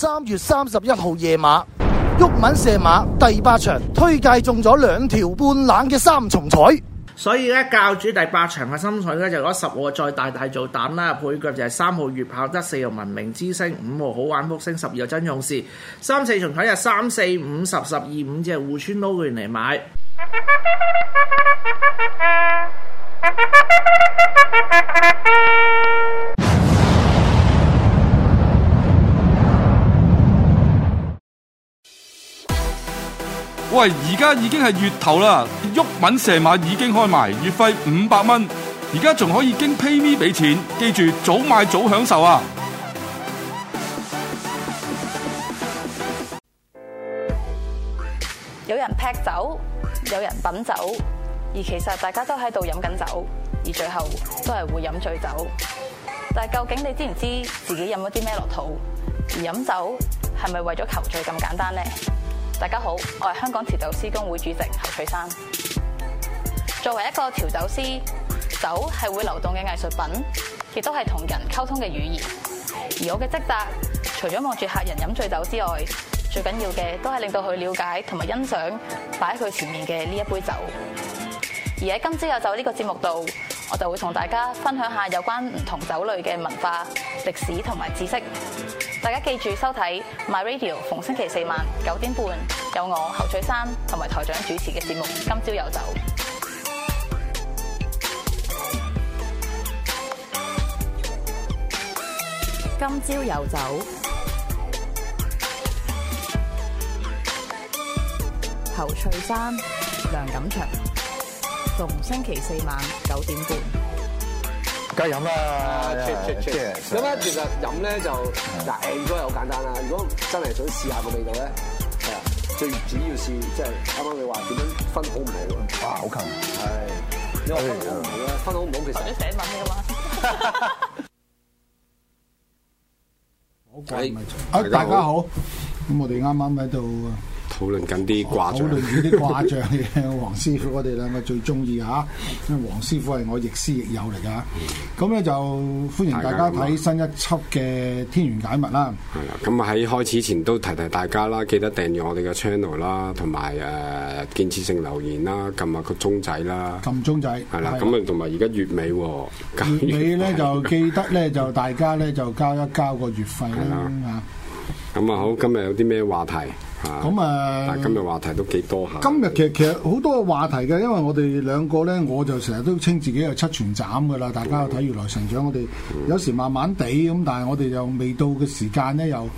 三月三十一號夜晚，玉文射馬第八場推介中咗兩條半冷嘅三重彩，所以咧教主第八場嘅心水咧就攞十號再大大做膽啦，配角就係三號月跑得四號文明之星，五號好玩福星，十二號真勇士，三四重彩就三四五十十二五隻互穿撈亂嚟買。 喂，而家已經係月頭啦，沃敏射馬已經開埋，月費五百蚊，而家仲可以經 pay me 俾錢，記住早買早享受啊！有人劈酒，有人品酒，而其實大家都喺度飲緊酒，而最後都係會飲醉酒。但係究竟你知唔知自己飲咗啲咩落肚？而飲酒係咪為咗求醉咁簡單呢？大家好，我係香港調酒師工會主席侯翠珊。作為一個調酒師，酒係會流動嘅藝術品，亦都係同人溝通嘅語言。而我嘅職責，除咗望住客人飲醉酒之外，最緊要嘅都係令到佢了解同埋欣賞擺喺佢前面嘅呢一杯酒。而喺今朝有酒呢個節目度，我就會同大家分享下有關唔同酒類嘅文化、歷史同埋知識。大家記住收睇 my radio 逢星期四晚九點半，有我侯翠珊同埋台長主持嘅節目今朝有酒，今朝有酒，侯翠珊梁錦祥，逢星期四晚九點半。梗係飲啦，咁啊，其實飲咧就嗱，應該係好簡單啦。如果真係想試下個味道咧，係啊，最主要是即係啱啱你話點樣分好唔好？哇，好近，係，因為分好唔好其實你寫文㗎嘛。好鬼，啊大家好，咁我哋啱啱喺度。討論緊啲卦象，討論啲卦象嘅黃師傅，我哋兩個最中意啊！黃師傅係我亦師亦友嚟噶，咁咧、嗯、就歡迎大家睇、啊、新一輯嘅天玄解密啦。係啦，咁喺開始前都提提大家啦，記得訂閱我哋嘅 channel 啦，同埋誒建設性留言啦，撳下個鐘仔啦，撳鐘仔係啦，咁啊同埋而家月尾喎、哦，月尾咧的就記得咧就大家咧就交一交個月費啦。咁啊好，今日有啲咩話題？咁誒，嗯、但今日話題都幾多下？嗯、今日其實其實好多話題嘅，因為我哋兩個咧，我就成日都稱自己係七全斬嘅啦。大家睇原來成長，我哋有時慢慢地咁，嗯、但係我哋又未到嘅時間咧，又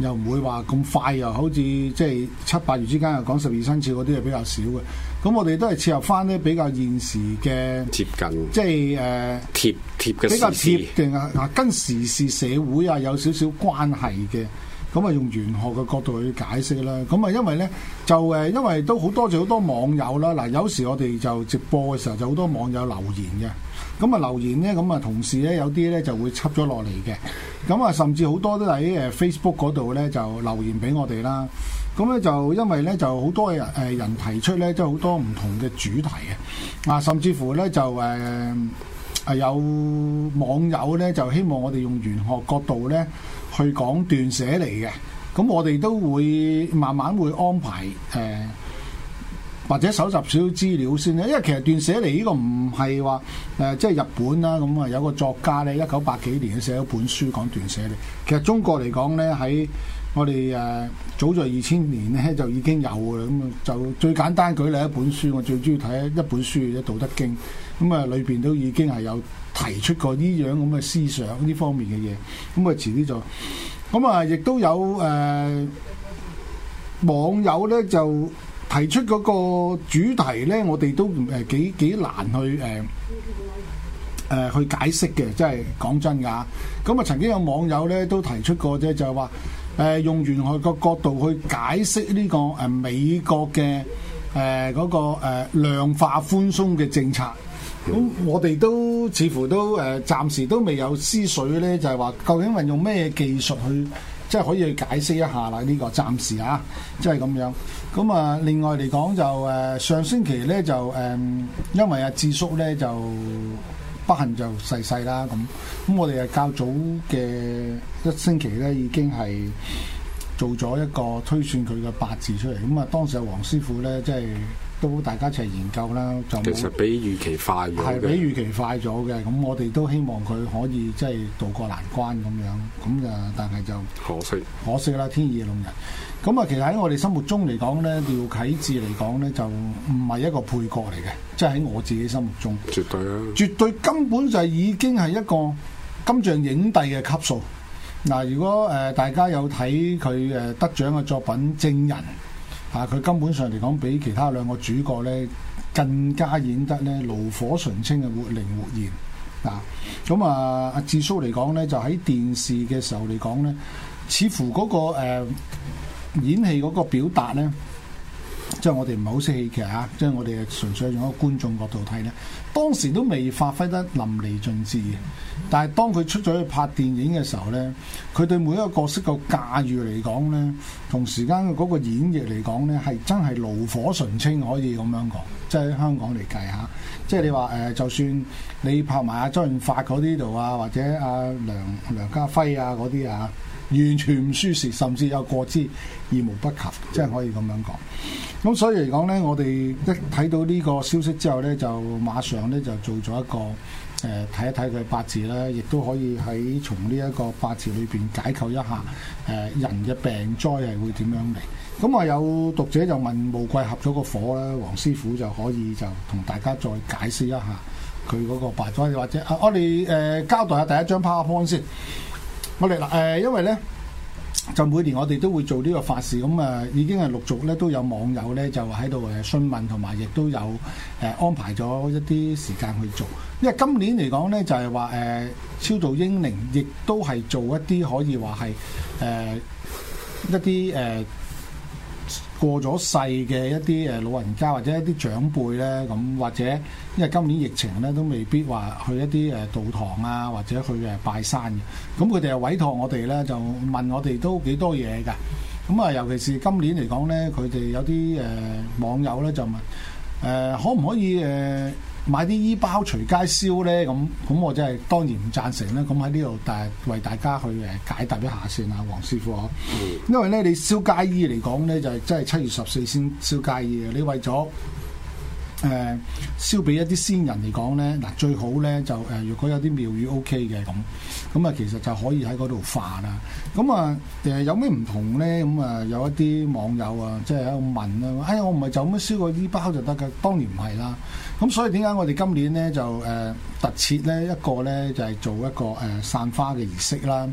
又唔會話咁快，又好似即係七八月之間又講十二生肖嗰啲係比較少嘅。咁我哋都係切入翻咧比較現時嘅接近，即係誒、呃、貼貼嘅比較貼嘅啊啊，跟時事社會啊有少少關係嘅。咁啊，用玄學嘅角度去解釋啦。咁啊，因為咧就誒，因為都好多謝好多網友啦。嗱，有時我哋就直播嘅時候，就好多網友留言嘅。咁啊，留言咧，咁啊，同時咧，有啲咧就會輯咗落嚟嘅。咁啊，甚至好多都喺誒 Facebook 嗰度咧就留言俾我哋啦。咁咧就因為咧就好多人誒人提出咧，即係好多唔同嘅主題嘅。啊，甚至乎咧就誒係有網友咧就希望我哋用玄學角度咧。去講斷捨離嘅，咁我哋都會慢慢會安排誒、呃，或者搜集少少資料先啦。因為其實斷捨離呢個唔係話誒，即係日本啦，咁、嗯、啊有個作家咧，一九八幾年佢寫咗本書講斷捨離。其實中國嚟講咧，喺我哋誒早在二千年咧就已經有啦，咁就最簡單舉例一本書，我最中意睇一本書《道德經》。咁、嗯、啊，裏邊都已經係有提出過呢樣咁嘅思想呢方面嘅嘢。咁、嗯、啊，遲啲就咁啊，亦、嗯、都有誒、呃、網友咧就提出嗰個主題咧，我哋都誒幾幾難去誒誒、呃、去解釋嘅，即係講真噶。咁啊、嗯，曾經有網友咧都提出過啫，就係話。誒用完外個角度去解釋呢個誒美國嘅誒嗰個、呃、量化寬鬆嘅政策，咁我哋都似乎都誒、呃、暫時都未有思緒咧，就係話究竟運用咩技術去，即係可以去解釋一下啦。呢個暫時啊，即係咁樣。咁啊，另外嚟講就誒、呃、上星期咧就誒、呃，因為阿智叔咧就。不幸就逝世啦咁，咁我哋係較早嘅一星期咧，已經係做咗一個推算佢嘅八字出嚟，咁啊當時黃師傅咧即係。都大家一齊研究啦，就其實比預期快，係比預期快咗嘅。咁我哋都希望佢可以即係渡過難關咁樣。咁就但係就可惜，可惜啦，天意弄人。咁啊，其實喺我哋心目中嚟講咧，廖啟智嚟講咧就唔係一個配角嚟嘅。即係喺我自己心目中，絕對啊，絕對根本就已經係一個金像影帝嘅級數。嗱，如果誒大家有睇佢誒得獎嘅作品《證人》。啊！佢根本上嚟講，比其他兩個主角咧更加演得咧爐火純青嘅活靈活現。嗱，咁啊，阿智叔嚟講咧，就喺電視嘅時候嚟講咧，似乎嗰、嗰個、呃、演戲嗰個表達咧，即係我哋唔係好識戲劇啊，即係我哋純粹用一個觀眾角度睇咧，當時都未發揮得淋漓盡致嘅。但係當佢出咗去拍電影嘅時候呢，佢對每一個角色嘅駕馭嚟講呢，同時間嘅嗰個演繹嚟講呢，係真係爐火純青，可以咁樣講，即係喺香港嚟計嚇。即係你話誒、呃，就算你拍埋阿周潤發嗰啲度啊，或者阿、啊、梁梁家輝啊嗰啲啊，完全唔輸蝕，甚至有過之而無不及，即係可以咁樣講。咁所以嚟講呢，我哋一睇到呢個消息之後呢，就馬上呢，就做咗一個。誒睇一睇佢八字啦，亦都可以喺從呢一個八字裏邊解構一下誒、呃、人嘅病災係會點樣嚟？咁啊有讀者就問戊癸合咗個火啦，黃師傅就可以就同大家再解釋一下佢嗰個敗災，或者啊我哋誒、呃、交代下第一張 PowerPoint 先，我哋嗱誒，因為咧。就每年我哋都會做呢個法事咁誒，已經係陸續咧都有網友咧就喺度誒詢問，同埋亦都有誒安排咗一啲時間去做。因為今年嚟講咧就係話誒超度英靈，亦都係做一啲可以話係誒一啲誒。呃過咗世嘅一啲誒老人家或者一啲長輩呢，咁或者因為今年疫情呢，都未必話去一啲誒道堂啊，或者去誒拜山嘅。咁佢哋又委託我哋呢，就問我哋都幾多嘢㗎。咁啊，尤其是今年嚟講呢，佢哋有啲誒網友呢就問誒，可唔可以誒？買啲衣包隨街燒咧，咁咁我真係當然唔贊成啦。咁喺呢度，但係為大家去誒解答一下先啊，黃師傅，因為咧，你燒街衣嚟講咧，就係、是、真係七月十四先燒街衣嘅。你為咗誒、呃、燒俾一啲先人嚟講咧，嗱最好咧就誒、呃，如果有啲廟宇 O K 嘅咁，咁啊其實就可以喺嗰度化喇。咁啊誒有咩唔同咧？咁啊有一啲網友啊，即係喺度問啊，哎我唔係就咁樣燒個衣包就得㗎，當然唔係啦。咁所以點解我哋今年咧就誒特設咧一個咧就係做一個誒散花嘅儀式啦，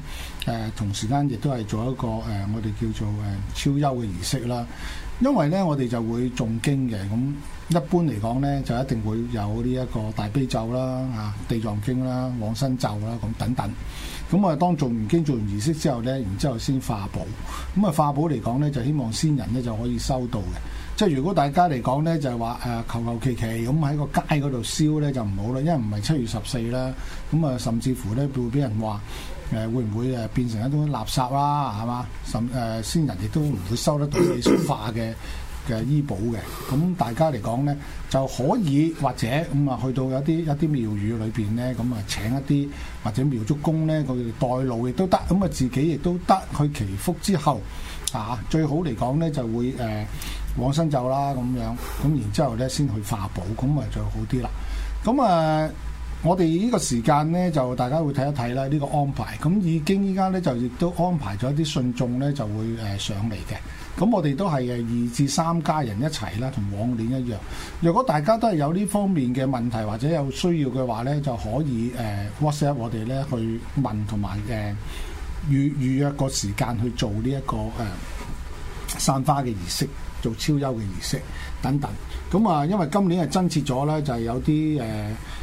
誒同時間亦都係做一個誒我哋叫做誒超幽嘅儀式啦。因為咧我哋就會誦經嘅，咁一般嚟講咧就一定會有呢一個大悲咒啦、啊地藏經啦、往生咒啦咁等等。咁啊當做完經做完儀式之後咧，然之後先化寶。咁啊化寶嚟講咧就希望先人咧就可以收到嘅。即係如果大家嚟講咧，就係話誒，求求其其咁喺個街嗰度燒咧，就唔好啦，因為唔係七月十四啦。咁、嗯、啊，甚至乎咧會俾人話誒，會唔、呃、會誒變成一種垃圾啦？係嘛，甚誒、呃、先人亦都唔會收得到你俗化嘅嘅醫保嘅。咁、嗯、大家嚟講咧就可以或者咁啊、嗯，去到有啲一啲廟宇裏邊咧，咁、嗯、啊請一啲或者廟祝公咧，佢代勞亦都得，咁、嗯、啊自己亦都得去祈福之後啊，最好嚟講咧就會誒。呃往生就啦，咁樣咁然之後咧，先去化寶，咁咪就好啲啦。咁啊、呃，我哋呢個時間咧，就大家會睇一睇啦。呢個安排咁已經依家咧，就亦都安排咗啲信眾咧，就會誒、呃、上嚟嘅。咁我哋都係誒二至三家人一齊啦，同往年一樣。如果大家都係有呢方面嘅問題或者有需要嘅話咧，就可以誒、呃、WhatsApp 我哋咧去問同埋誒預預約個時間去做呢、這、一個誒散、呃、花嘅儀式。做超幽嘅儀式等等，咁啊，因為今年係增設咗咧，就係有啲誒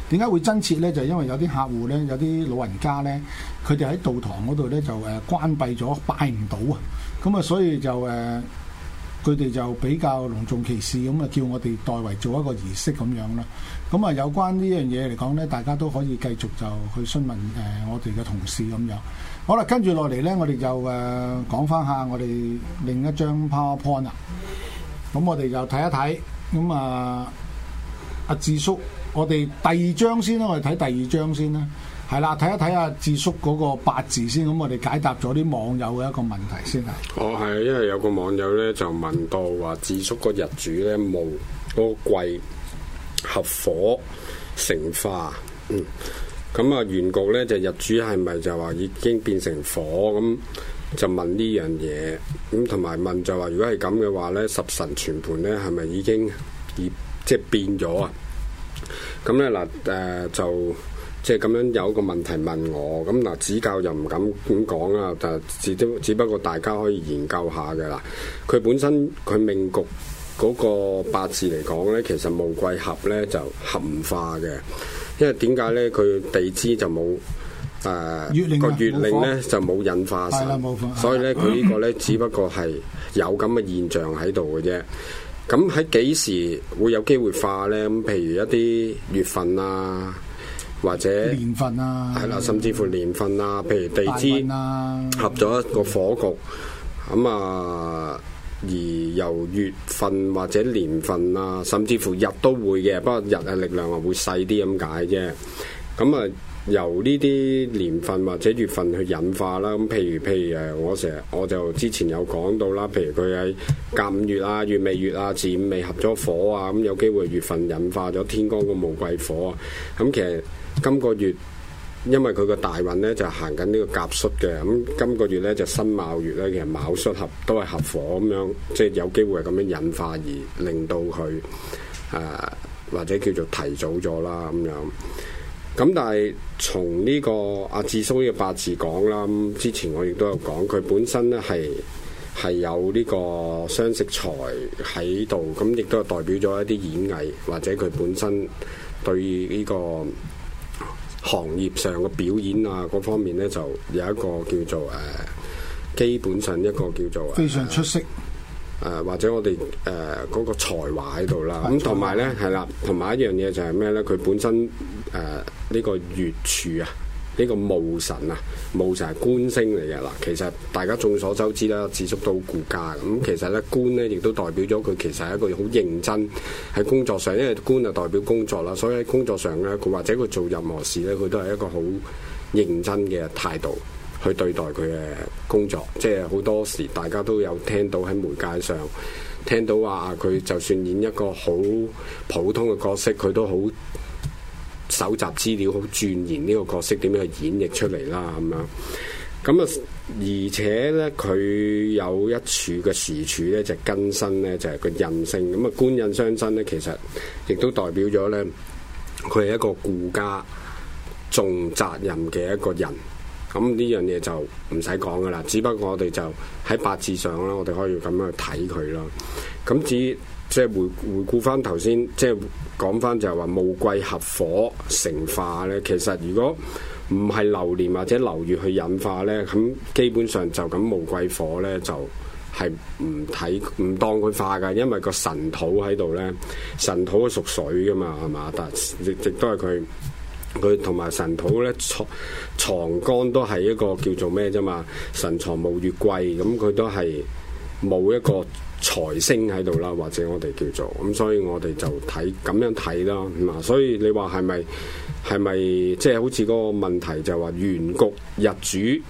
點解會增設咧？就因為有啲客戶咧，有啲老人家咧，佢哋喺道堂嗰度咧就誒關閉咗拜唔到啊，咁啊，所以就誒佢哋就比較隆重其事，咁啊叫我哋代為做一個儀式咁樣啦。咁啊，有關呢樣嘢嚟講咧，大家都可以繼續就去詢問誒我哋嘅同事咁樣。好啦，跟住落嚟咧，我哋就誒講翻下我哋另一張 PowerPoint 啦。咁我哋就睇一睇，咁啊阿智叔，我哋第二張先啦，我哋睇第二張先啦，係啦，睇一睇阿智叔嗰個八字先，咁我哋解答咗啲網友嘅一個問題先啊。哦，係，因為有個網友咧就問到話智叔個日主咧冇嗰個癸合火成化，嗯，咁、嗯、啊、嗯、原局咧就是、日主係咪就話已經變成火咁？就問呢樣嘢，咁同埋問就話，如果係咁嘅話呢，十神全盤呢，係咪已經而即係變咗啊？咁咧嗱誒，就即係咁樣有一個問題問我，咁嗱指教又唔敢咁講啊，但係只都只不過大家可以研究下嘅啦。佢本身佢命局嗰個八字嚟講呢，其實戊癸合呢就合唔化嘅，因為點解呢？佢地支就冇。誒個月令咧就冇引化晒，所以咧佢呢個咧只不過係有咁嘅現象喺度嘅啫。咁喺幾時會有機會化咧？咁譬如一啲月份啊，或者年份啊，係啦，甚至乎年份啊，譬如地支啊，合咗一個火局，咁啊，而由月份或者年份啊，甚至乎日都會嘅，不過日嘅力量啊會細啲咁解啫。咁啊～由呢啲年份或者月份去引化啦，咁譬如譬如誒，我成日我就之前有講到啦，譬如佢喺甲午月啊、月尾月啊、巳午未合咗火啊，咁有機會月份引化咗天干嘅戊癸火啊。咁其實今個月因為佢個大運咧就行緊呢個甲戌嘅，咁今個月咧就辛卯月咧，其實卯戌合都係合火咁樣，即係有機會係咁樣引化而令到佢誒、啊、或者叫做提早咗啦咁樣。咁但係從呢個阿智叔呢個八字講啦，之前我亦都有講，佢本身咧係係有呢個雙食財喺度，咁亦都係代表咗一啲演藝或者佢本身對呢個行業上嘅表演啊各方面咧，就有一個叫做誒基本上一個叫做非常出色。誒、呃、或者我哋誒嗰個才華喺度、嗯、啦，咁同埋咧係啦，同埋一樣嘢就係咩咧？佢本身誒呢、呃這個月柱啊，呢、這個戊神啊，戊神係官星嚟嘅嗱。其實大家眾所周知啦，智叔都好顧家咁、嗯。其實咧官咧亦都代表咗佢其實係一個好認真喺工作上，因為官啊代表工作啦，所以喺工作上咧佢或者佢做任何事咧，佢都係一個好認真嘅態度。去對待佢嘅工作，即係好多時，大家都有聽到喺媒介上聽到話，佢就算演一個好普通嘅角色，佢都好搜集資料，好鑽研呢個角色點樣去演繹出嚟啦，咁樣。咁啊，而且呢，佢有一處嘅時柱呢，就係、是、根身咧，就係、是、個人性。咁啊，官印相生呢，其實亦都代表咗呢，佢係一個顧家重責任嘅一個人。咁呢樣嘢就唔使講噶啦，只不過我哋就喺八字上啦，我哋可以咁樣去睇佢咯。咁至於即係回回顧翻頭先，即係講翻就係話戊癸合火成化咧。其實如果唔係流年或者流月去引化咧，咁基本上就咁戊癸火咧就係唔睇唔當佢化㗎，因為個神土喺度咧，神土係屬水㗎嘛，係嘛？但係亦都係佢。佢同埋神土咧藏藏干都係一個叫做咩啫嘛？神藏無月貴，咁佢都係冇一個財星喺度啦，或者我哋叫做咁，所以我哋就睇咁樣睇啦。咁所以你話係咪係咪即係好似個問題就話原局日主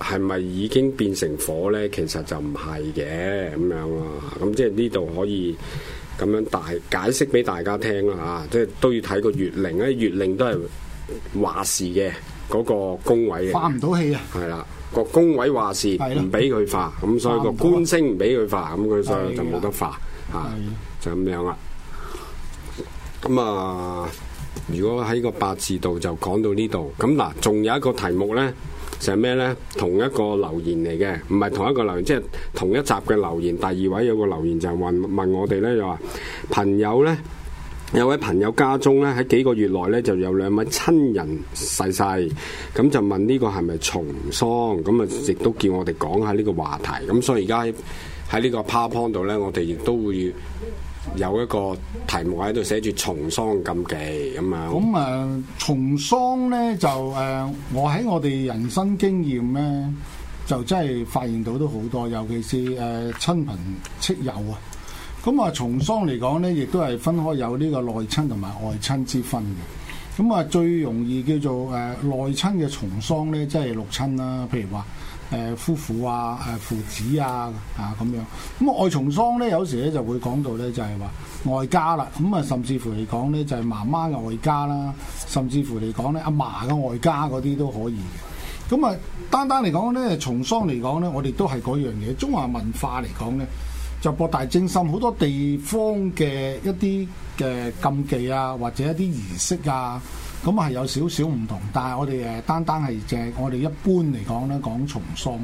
係咪已經變成火咧？其實就唔係嘅咁樣啊。咁即係呢度可以。咁樣大解釋俾大家聽啦啊，即係都要睇個月令啊，月令都係話事嘅嗰個宮位嘅。化唔到氣啊！係啦，個宮位話事，唔俾佢化，咁所以個官星唔俾佢化，咁佢所以就冇得化嚇，就咁樣啦。咁啊，如果喺個八字度就講到呢度，咁嗱，啊，仲有一個題目咧。成咩呢？同一個留言嚟嘅，唔係同一個留言，即係同一集嘅留言。第二位有個留言就問問我哋呢，就話朋友呢，有位朋友家中呢，喺幾個月內呢，就有兩位親人逝世，世，咁就問呢個係咪重喪？咁啊亦都叫我哋講下呢個話題。咁所以而家喺呢個 PowerPoint 度呢，我哋亦都會。有一個題目喺度寫住重喪禁忌咁啊，咁啊重喪咧就誒、呃，我喺我哋人生經驗咧，就真係發現到都好多，尤其是誒親朋戚友啊。咁啊重喪嚟講咧，亦都係分開有呢個內親同埋外親之分嘅。咁、嗯、啊最容易叫做誒內親嘅重喪咧，即係六親啦，譬如話。誒夫婦啊，誒父子啊，啊咁樣，咁外重喪咧，有時咧就會講到咧，就係話外家啦，咁啊，甚至乎嚟講咧，就係媽媽嘅外家啦，甚至乎嚟講咧，阿嫲嘅外家嗰啲都可以嘅。咁啊，單單嚟講咧，重喪嚟講咧，我哋都係嗰樣嘢。中華文化嚟講咧，就博大精深，好多地方嘅一啲嘅禁忌啊，或者一啲儀式啊。咁啊，係有少少唔同，但係我哋誒單單係只我哋一般嚟講咧，講重喪。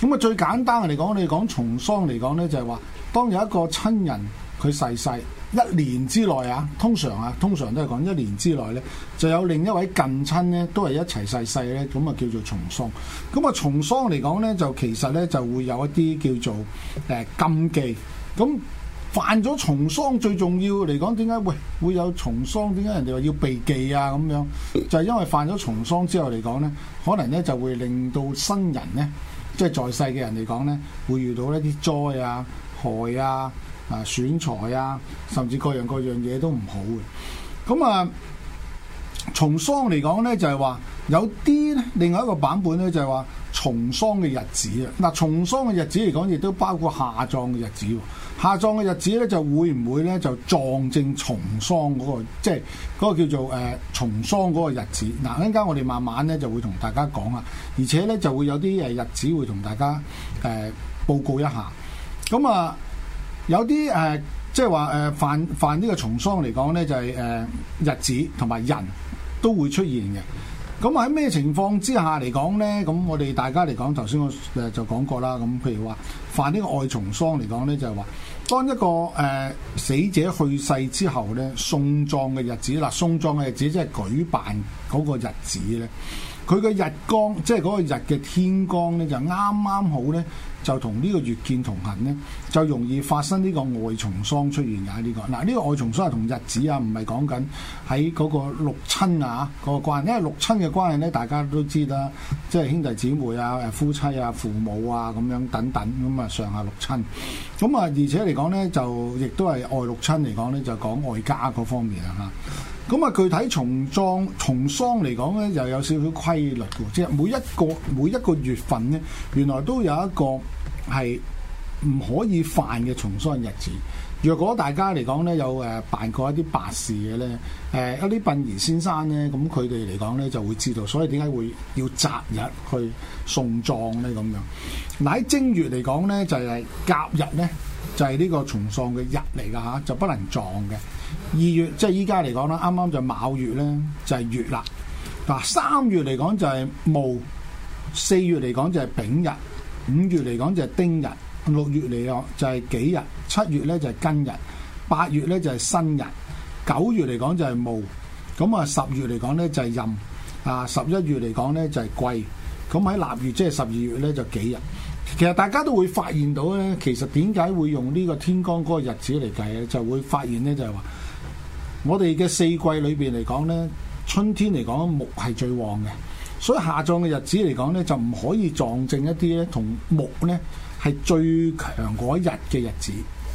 咁啊，最簡單嚟講，你講重喪嚟講咧，就係話當有一個親人佢逝世，一年之內啊，通常啊，通常都係講一年之內咧，就有另一位近親咧，都係一齊逝世咧，咁啊叫做重喪。咁啊，重喪嚟講咧，就其實咧就會有一啲叫做誒禁忌咁。犯咗重喪最重要嚟講，點解喂，會有重喪？點解人哋話要避忌啊？咁樣就係因為犯咗重喪之後嚟講呢，可能呢就會令到生人呢，即係在世嘅人嚟講呢，會遇到一啲災啊、害啊、啊損財啊，甚至各樣各樣嘢都唔好嘅。咁啊，重喪嚟講呢，就係話有啲呢，另外一個版本呢，就係話。重喪嘅日子啊，嗱，重喪嘅日子嚟講，亦都包括下葬嘅日子。下葬嘅日子咧，就會唔會咧就撞正重喪嗰個，即係嗰個叫做誒重喪嗰個日子。嗱，一陣間我哋慢慢咧就會同大家講啦，而且咧就會有啲誒日子會同大家誒、呃、報告一下。咁、嗯、啊、呃，有啲誒、呃，即係話誒犯犯呢個重喪嚟講咧，就係、是、誒、呃、日子同埋人都會出現嘅。咁喺咩情況之下嚟講呢？咁我哋大家嚟講，頭先我誒就講過啦。咁譬如話，犯呢個外重喪嚟講呢，就係、是、話當一個誒、呃、死者去世之後呢，送葬嘅日子嗱，送葬嘅日子即係舉辦嗰個日子呢，佢嘅日光即係嗰個日嘅天光呢，就啱啱好呢。就同呢個月見同行呢，就容易發生呢個外重喪出現啊！呢個嗱，呢個外重喪係同日子啊，唔係講緊喺嗰個六親啊個關係，因為六親嘅關係呢，大家都知啦，即係兄弟姊妹啊、誒夫妻啊、父母啊咁樣等等，咁啊上下六親，咁啊而且嚟講呢，就亦都係外六親嚟講呢，就講外家嗰方面啊嚇。咁啊，具體重葬重喪嚟講咧，又有少少規律嘅，即係每一個每一個月份咧，原來都有一個係唔可以犯嘅重喪日子。若果大家嚟講咧，有誒辦過一啲白事嘅咧，誒、呃、一啲殯儀先生咧，咁佢哋嚟講咧就會知道，所以點解會要擇日去送葬咧？咁樣嗱，喺正月嚟講咧，就係、是、甲日咧，就係、是、呢個重喪嘅日嚟㗎嚇，就不能撞嘅。二月即係依家嚟講啦，啱啱就卯月咧，就係、是、月啦。嗱，三月嚟講就係戊，四月嚟講就係丙日，五月嚟講就係丁日，六月嚟講就係己日，七月咧就係庚日，八月咧就係辛日，九月嚟講就係戊。咁啊，十月嚟講咧就係壬，啊十一月嚟講咧就係癸。咁喺臘月即係十二月咧就己日。其實大家都會發現到咧，其實點解會用呢個天干嗰個日子嚟計咧，就會發現咧就係話。我哋嘅四季裏邊嚟講咧，春天嚟講木係最旺嘅，所以下葬嘅日子嚟講咧，就唔可以撞正一啲咧，同木咧係最強嗰日嘅日子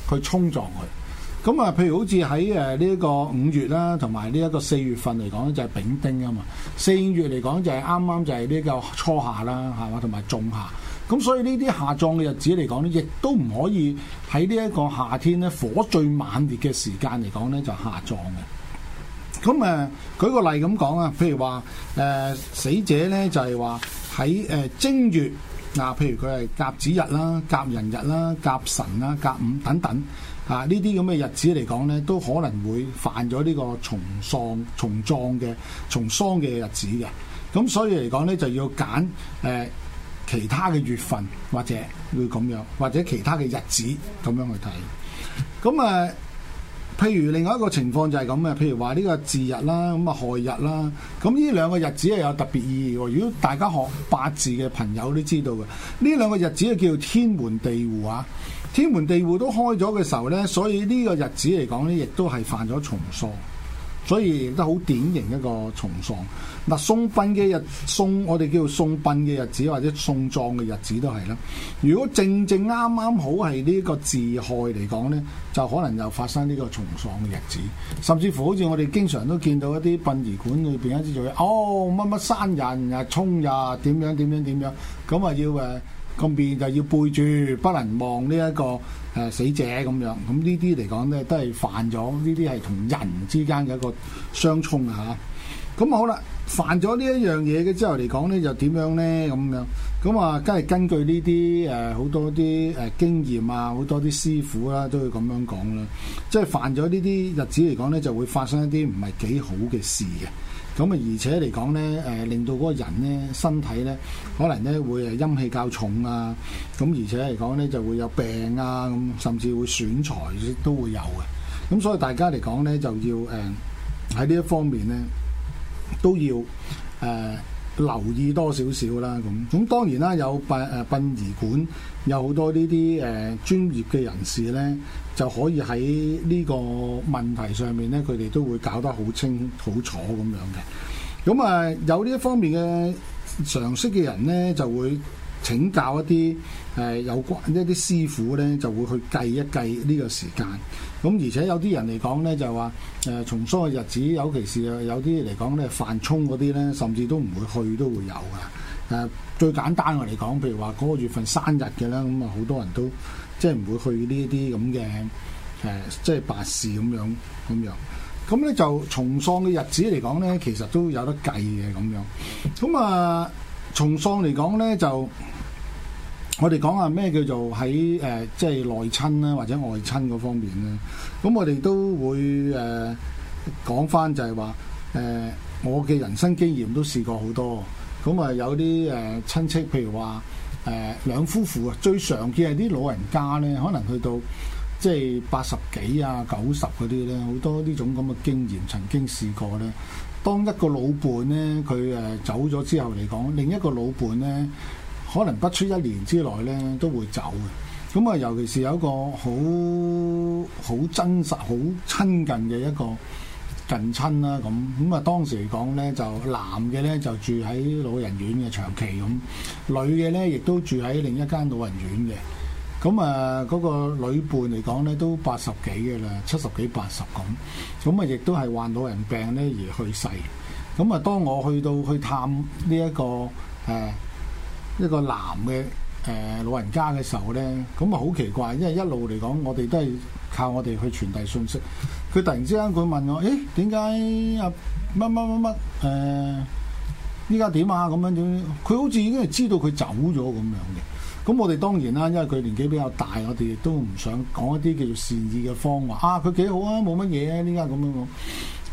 去衝撞佢。咁啊，譬如好似喺誒呢一個五月啦，同埋呢一個四月份嚟講咧，就係丙丁啊嘛。四月嚟講就係啱啱就係呢個初夏啦，係嘛，同埋仲夏。咁所以呢啲下葬嘅日子嚟講呢，亦都唔可以喺呢一個夏天呢火最猛烈嘅時間嚟講呢，就下葬嘅。咁誒、呃，舉個例咁講啊，譬如話誒、呃、死者呢，就係話喺誒正月嗱，譬如佢係甲子日啦、甲寅日啦、甲辰啦、甲午等等啊，呢啲咁嘅日子嚟講呢都可能會犯咗呢個重喪、重葬嘅、重喪嘅日子嘅。咁所以嚟講呢，就要揀誒。呃其他嘅月份或者會咁樣，或者其他嘅日子咁樣去睇。咁啊、呃，譬如另外一個情況就係咁啊，譬如話呢個巳日啦，咁啊亥日啦，咁呢兩個日子係有特別意義。如果大家學八字嘅朋友都知道嘅，呢兩個日子就叫天門地戶啊，天門地戶都開咗嘅時候呢，所以呢個日子嚟講呢，亦都係犯咗重喪。所以都好典型一個重喪嗱，送殯嘅日，送我哋叫做送殯嘅日子或者送葬嘅日子都係啦。如果正正啱啱好係呢個自害嚟講呢，就可能又發生呢個重喪嘅日子。甚至乎好似我哋經常都見到一啲殯儀館裏邊一啲做嘢，哦乜乜山人啊，沖啊，點樣點樣點樣，咁啊要誒個面就要背住，不能望呢一個。誒死者咁樣，咁呢啲嚟講咧，都係犯咗呢啲係同人之間嘅一個相衝啊！咁好啦，犯咗呢一樣嘢嘅之後嚟講咧，就點樣咧咁樣？咁啊，梗係根據呢啲誒好多啲誒經驗啊，好多啲師傅啦，都會咁樣講啦。即係犯咗呢啲日子嚟講咧，就會發生一啲唔係幾好嘅事嘅。咁啊，而且嚟講咧，誒令到嗰個人咧身體咧，可能咧會誒陰氣較重啊。咁而且嚟講咧，就會有病啊，咁甚至會損財都會有嘅。咁所以大家嚟講咧，就要誒喺呢一方面咧，都要誒。呃留意多少少啦，咁咁當然啦，有殯誒殯儀館，有好多呢啲誒專業嘅人士咧，就可以喺呢個問題上面咧，佢哋都會搞得好清好楚咁樣嘅。咁啊，有呢一方面嘅常識嘅人咧，就會請教一啲誒、呃、有關一啲師傅咧，就會去計一計呢個時間。咁而且有啲人嚟講咧就話誒、呃、重喪嘅日子，尤其是有啲嚟講咧犯沖嗰啲咧，甚至都唔會去都會有嘅。誒、呃、最簡單嘅嚟講，譬如話嗰個月份生日嘅啦，咁啊好多人都即係唔會去呢啲咁嘅誒，即係白事咁樣咁樣。咁咧就重喪嘅日子嚟講咧，其實都有得計嘅咁樣。咁啊重喪嚟講咧就。我哋講下咩叫做喺誒、呃，即係內親咧，或者外親嗰方面咧。咁我哋都會誒、呃、講返，就係話誒，我嘅人生經驗都試過好多。咁啊，有啲誒親戚，譬如話誒、呃、兩夫婦啊，最常見係啲老人家咧，可能去到即係八十幾啊、九十嗰啲咧，好多呢種咁嘅經驗曾經試過咧。當一個老伴咧，佢誒走咗之後嚟講，另一個老伴咧。可能不出一年之內咧，都會走嘅。咁啊，尤其是有一個好好真實、好親近嘅一個近親啦。咁咁啊，當時嚟講咧，就男嘅咧就住喺老人院嘅長期咁，女嘅咧亦都住喺另一間老人院嘅。咁啊，嗰、呃嗰個女伴嚟講咧都八十幾嘅啦，七十幾八十咁。咁啊，亦都係患老人病咧而去世。咁啊，當我去到去探呢、這、一個誒。呃一個男嘅誒、呃、老人家嘅時候咧，咁啊好奇怪，因為一路嚟講我哋都係靠我哋去傳遞信息。佢突然之間佢問我，誒點解啊乜乜乜乜誒？依家點啊？咁、呃、樣點啊？佢好似已經係知道佢走咗咁樣嘅。咁我哋當然啦，因為佢年紀比較大，我哋亦都唔想講一啲叫做善意嘅謊話。啊，佢幾好啊，冇乜嘢啊，依家咁樣講。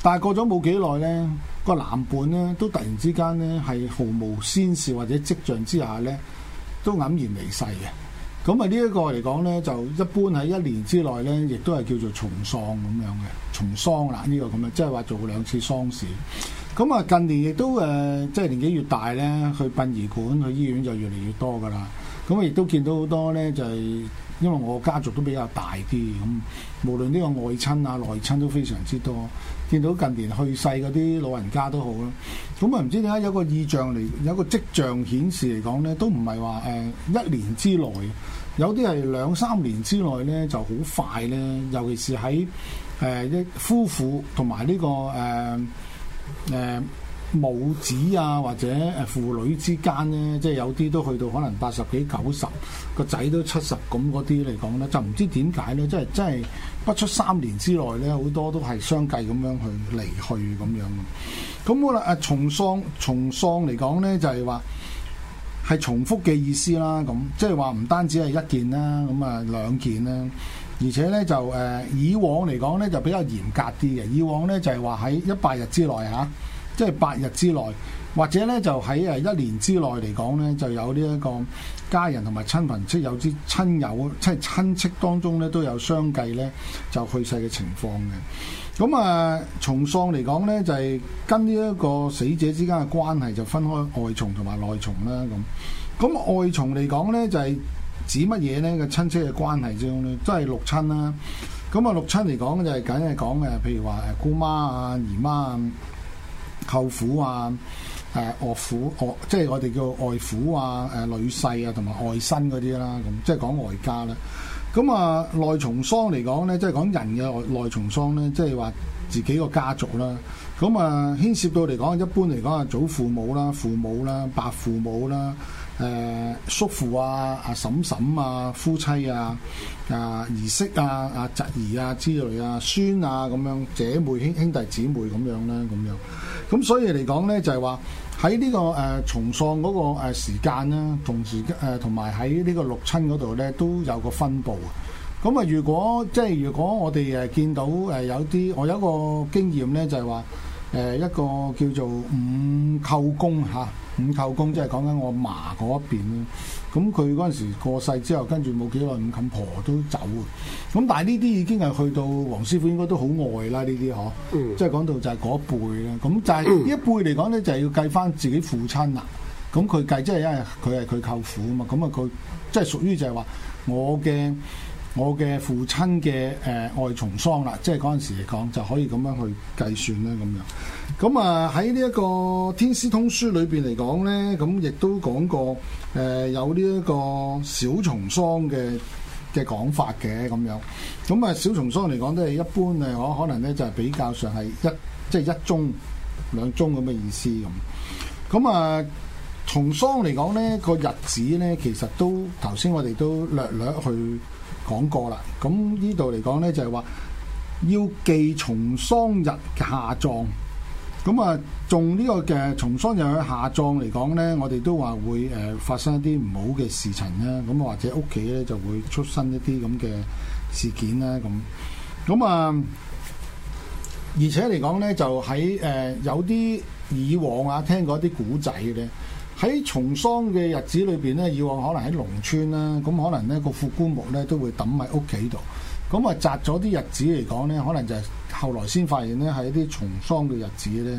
但係過咗冇幾耐呢，個男伴呢都突然之間呢，係毫無先兆或者跡象之下呢，都黯然離世嘅。咁啊呢一個嚟講呢，就一般喺一年之內呢，亦都係叫做重喪咁樣嘅重喪啦。呢、呢個咁嘅即係話做過兩次喪事。咁啊近年亦都誒，即、呃、係、就係、年紀越大呢，去殯儀館、去醫院就越嚟越多噶啦。咁亦都見到好多呢，就係、係、因為我家族都比較大啲，咁無論呢個外親啊內親都非常之多。見到近年去世嗰啲老人家都好咯，咁啊唔知點解有個意象嚟，有個跡象顯示嚟講咧，都唔係話誒一年之內，有啲係兩三年之內咧就好快咧，尤其是喺誒一夫婦同埋呢個誒誒、呃呃、母子啊或者誒父女之間咧，即係有啲都去到可能八十幾九十個仔都七十咁嗰啲嚟講咧，就唔知點解咧，即係真係。不出三年之內咧，好多都係相繼咁樣去離去咁樣。咁好啦，誒重喪重喪嚟講咧，就係話係重複嘅意思啦。咁即係話唔單止係一件啦，咁啊兩件啦。而且咧就誒以往嚟講咧，就比較嚴格啲嘅。以往咧就係話喺一百日之內嚇，即係百日之內。或者咧就喺誒一年之內嚟講咧，就有呢一個家人同埋親朋戚友之親友，有啲親友即係親戚當中咧都有相繼咧，就去世嘅情況嘅。咁啊，重喪嚟講咧，就係、是、跟呢一個死者之間嘅關係就分開外重同埋內重啦。咁咁、嗯、外重嚟講咧，就係、是、指乜嘢呢？個親戚嘅關係之中咧，即係六親啦。咁啊，六親嚟講就係梗係講誒，譬如話誒姑媽啊、姨媽啊、舅父啊。誒、呃、岳父、岳即係我哋叫外父啊、誒、呃、女婿啊，同埋外甥嗰啲啦，咁即係講外家啦。咁啊，內重喪嚟講咧，即係講人嘅內、內重喪咧，即係話自己個家族啦。咁啊，牽涉到嚟講，一般嚟講啊，祖父母啦、父母啦、伯父母啦。誒、呃、叔父啊、阿嬸嬸啊、夫妻啊、啊兒媳啊、啊侄兒啊之類啊、孫啊咁樣、姐妹兄兄弟姊妹咁樣啦。咁樣。咁、嗯、所以嚟講咧，就係話喺呢個誒、呃、重喪嗰個誒時間咧，同時誒同埋喺呢個六親嗰度咧都有個分佈。咁、嗯、啊，如果即係如果我哋誒見到誒、呃、有啲，我有一個經驗咧，就係話誒一個叫做五舅公嚇。五舅公即係講緊我嫲嗰一邊咯，咁佢嗰陣時過世之後，跟住冇幾耐五妗婆都走，咁但係呢啲已經係去到黃師傅應該都好外啦呢啲嗬，嗯、即係講到就係嗰一輩啦，咁就係呢一輩嚟講咧，就係要計翻自己父親啦，咁佢計即係因為佢係佢舅父啊嘛，咁啊佢即係屬於就係話我嘅我嘅父親嘅誒外從喪啦，即係嗰陣時嚟講就可以咁樣去計算啦。咁樣。咁啊，喺呢一個《天師通書》裏邊嚟講呢，咁亦都講過誒、呃，有呢一個小重喪嘅嘅講法嘅咁樣。咁、嗯、啊，小重喪嚟講都係一般嚟可可能呢就係、是、比較上係一即係、就是、一宗、兩宗咁嘅意思咁。咁、嗯、啊，重喪嚟講呢個日子呢，其實都頭先我哋都略略去講過啦。咁呢度嚟講呢，就係、是、話要記重喪日下葬。咁啊，仲呢、嗯，這個嘅重喪又去下葬嚟講咧，我哋都話會誒發生一啲唔好嘅事情啦。咁或者屋企咧就會出新一啲咁嘅事件啦。咁，咁、嗯、啊，而且嚟講咧，就喺誒、呃、有啲以往啊，聽過一啲古仔嘅咧，喺重喪嘅日子裏邊咧，以往可能喺農村啦，咁可能咧個副棺木咧都會抌喺屋企度，咁啊，擳咗啲日子嚟講咧，可能就係、是。後來先發現咧，係一啲重喪嘅日子咧，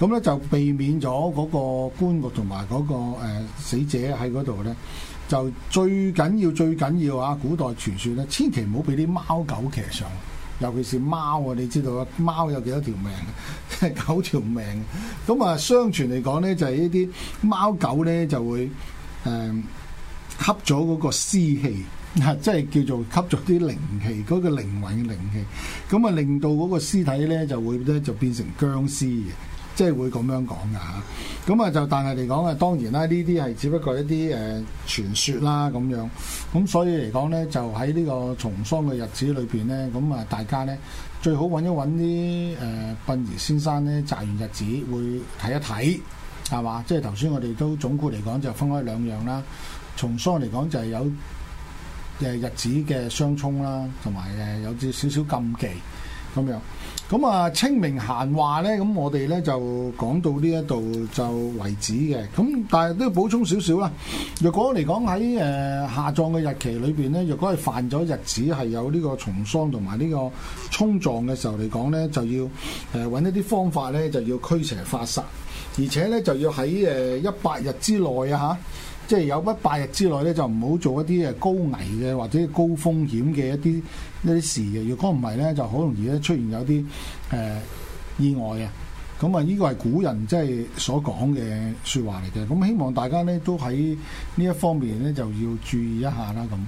咁咧就避免咗嗰個棺木同埋嗰個死者喺嗰度咧，就最緊要最緊要啊！古代傳説咧，千祈唔好俾啲貓狗騎上，尤其是貓啊！你知道啊，貓有幾多條命？ 九條命。咁啊，相傳嚟講咧，就係呢啲貓狗咧就會誒、嗯、吸咗嗰個屍氣。即係叫做吸咗啲靈氣，嗰、那個靈魂嘅靈氣，咁啊令到嗰個屍體咧就會咧就變成僵屍嘅，即係會咁樣講噶嚇。咁啊就但係嚟講啊，當然啦，呢啲係只不過一啲誒、呃、傳說啦咁樣。咁所以嚟講咧，就喺呢個重喪嘅日子裏邊咧，咁啊大家咧最好揾一揾啲誒殯儀先生咧，擇完日子會睇一睇，係嘛？即係頭先我哋都總括嚟講就分開兩樣啦。重喪嚟講就係有，嘅日子嘅相沖啦，同埋誒有啲少少禁忌咁樣。咁啊清明閒話呢，咁我哋呢就講到呢一度就為止嘅。咁但係都要補充少少啦。若果嚟講喺誒下葬嘅日期裏邊呢，若果係犯咗日子係有呢個重喪同埋呢個沖撞嘅時候嚟講呢，就要揾一啲方法呢，就要驅邪發煞，而且呢，就要喺誒一百日之內啊嚇。即係有乜百日之內咧，就唔好做一啲誒高危嘅或者高風險嘅一啲一啲事嘅。如果唔係咧，就好容易咧出現有啲誒、呃、意外啊。咁、嗯、啊，依、呢個係古人即係所講嘅説話嚟嘅。咁、嗯、希望大家咧都喺呢一方面咧就要注意一下啦。咁、嗯、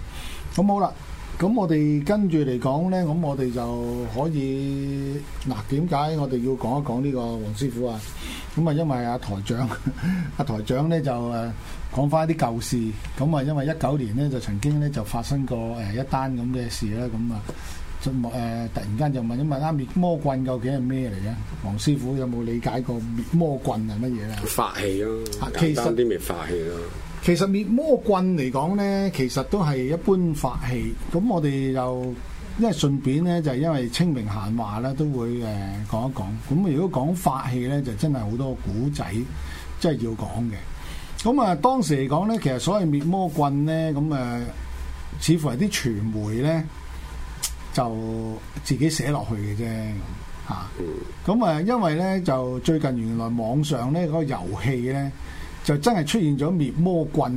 咁好啦。咁我哋跟住嚟講咧，咁我哋就可以。嗱，點解我哋要講一講呢個黃師傅啊？咁啊， 啊，因為阿台長，阿台長咧就誒講返一啲舊事。咁啊，因為一九年咧就曾經咧就發生過誒一單咁嘅事啦。咁啊，誒、呃、突然間就問一問啱滅魔棍究竟係咩嚟嘅？黃師傅有冇理解過滅魔棍係乜嘢啊？法器咯，簡單啲咪法器咯。其實滅魔棍嚟講呢，其實都係一般法器。咁我哋又因為順便呢，就是、因為清明閒話呢，都會誒講、呃、一講。咁如果講法器呢，就真係好多古仔，真、就、係、是、要講嘅。咁啊，當時嚟講呢，其實所謂滅魔棍呢，咁、呃、誒，似乎係啲傳媒呢，就自己寫落去嘅啫。吓，咁啊，因為呢，就最近原來網上呢、嗰、那個遊戲呢。就真係出現咗滅魔棍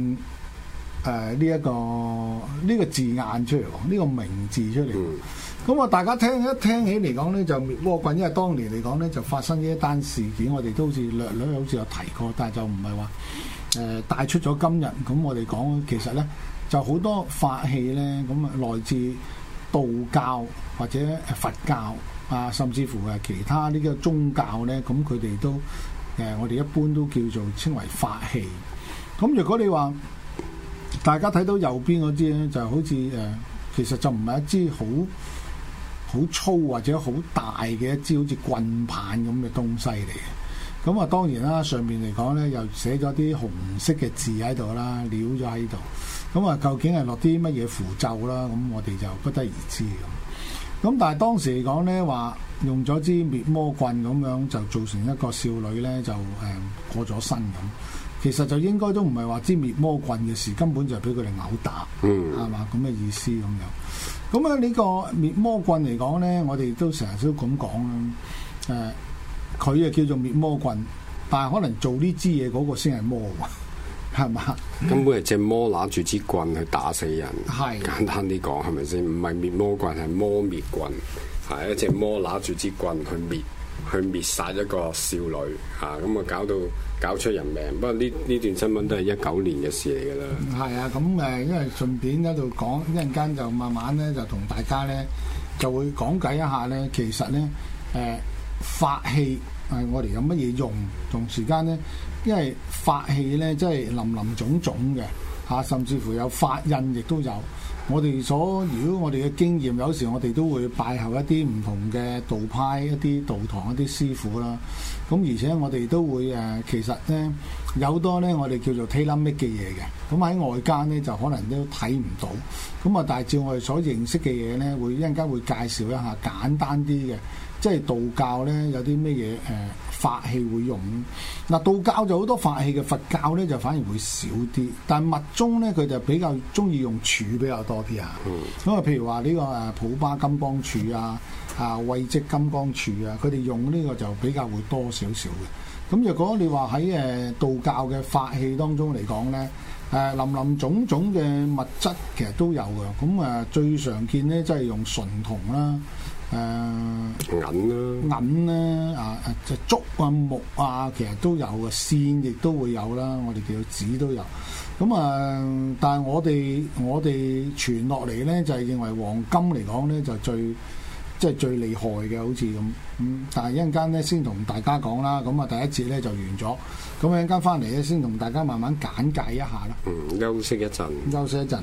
誒呢一個呢、這個字眼出嚟喎，呢、這個名字出嚟。咁啊、嗯，大家聽一聽起嚟講咧，就滅魔棍，因為當年嚟講咧，就發生呢一單事件，我哋都好似略略好似有提過，但係就唔係話誒帶出咗今日。咁我哋講其實咧，就好多法器咧，咁啊來自道教或者佛教啊，甚至乎係其他呢個宗教咧，咁佢哋都。誒，我哋一般都叫做稱為法器。咁如果你話大家睇到右邊嗰支咧，就好似誒、呃，其實就唔係一支好好粗或者好大嘅一支好似棍棒咁嘅東西嚟嘅。咁啊，當然啦，上面嚟講咧，又寫咗啲紅色嘅字喺度啦，潦咗喺度。咁啊，究竟係落啲乜嘢符咒啦？咁我哋就不得而知咁。咁但係當時嚟講咧，話用咗支滅魔棍咁樣，就造成一個少女咧就誒過咗身咁，其實就應該都唔係話支滅魔棍嘅事，根本就係俾佢哋毆打，嗯，係咪咁嘅意思咁樣。咁啊呢個滅魔棍嚟講咧，我哋都成日都咁講啦，誒、呃，佢啊叫做滅魔棍，但係可能做呢支嘢嗰個先係魔。係嘛？根本係隻魔拿住支棍去打死人，是簡單啲講係咪先？唔係滅魔棍，係魔滅棍，係一隻魔拿住支棍去滅，去滅殺一個少女，吓，咁啊搞到搞出人命。不過呢呢段新聞都係一九年嘅事嚟嘅啦。係啊，咁、嗯、誒，因為順便喺度講，一陣間就慢慢咧就同大家咧就會講解一下咧，其實咧誒、呃、法器。係、啊、我哋有乜嘢用同時間呢？因為法器呢，即係林林總總嘅嚇，甚至乎有法印亦都有。我哋所如果我哋嘅經驗，有時我哋都會拜候一啲唔同嘅道派、一啲道堂、一啲師傅啦。咁、啊、而且我哋都會誒、啊，其實呢，有多呢？我哋叫做睇冧乜嘅嘢嘅。咁、啊、喺外間呢，就可能都睇唔到。咁啊，但係照我哋所認識嘅嘢呢，會一陣間會介紹一下簡單啲嘅。即係道教咧，有啲咩嘢誒法器會用？嗱，道教就好多法器嘅，佛教咧，就反而會少啲。但係密宗咧，佢就比較中意用杵比較多啲啊。咁啊，譬如話呢個誒普巴金剛杵啊，啊穢積金剛杵啊，佢哋用呢個就比較會多少少嘅。咁若果你話喺誒道教嘅法器當中嚟講咧，誒林林種種嘅物質其實都有㗎。咁啊，最常見咧即係用純銅啦。誒，銀啦、嗯，銀啦，啊啊，即係竹啊、啊、木啊，其實都有嘅，線亦都會有啦。我哋叫紙都有。咁、嗯、啊，但係我哋我哋傳落嚟咧，就係、是、認為黃金嚟講咧，就最即係、就是、最厲害嘅，好似咁。咁、嗯、但係一陣間咧，先同大家講啦。咁啊，第一節咧就完咗。咁一陣間翻嚟咧，先同大家慢慢簡介一下啦。嗯，休息一陣。休息一陣。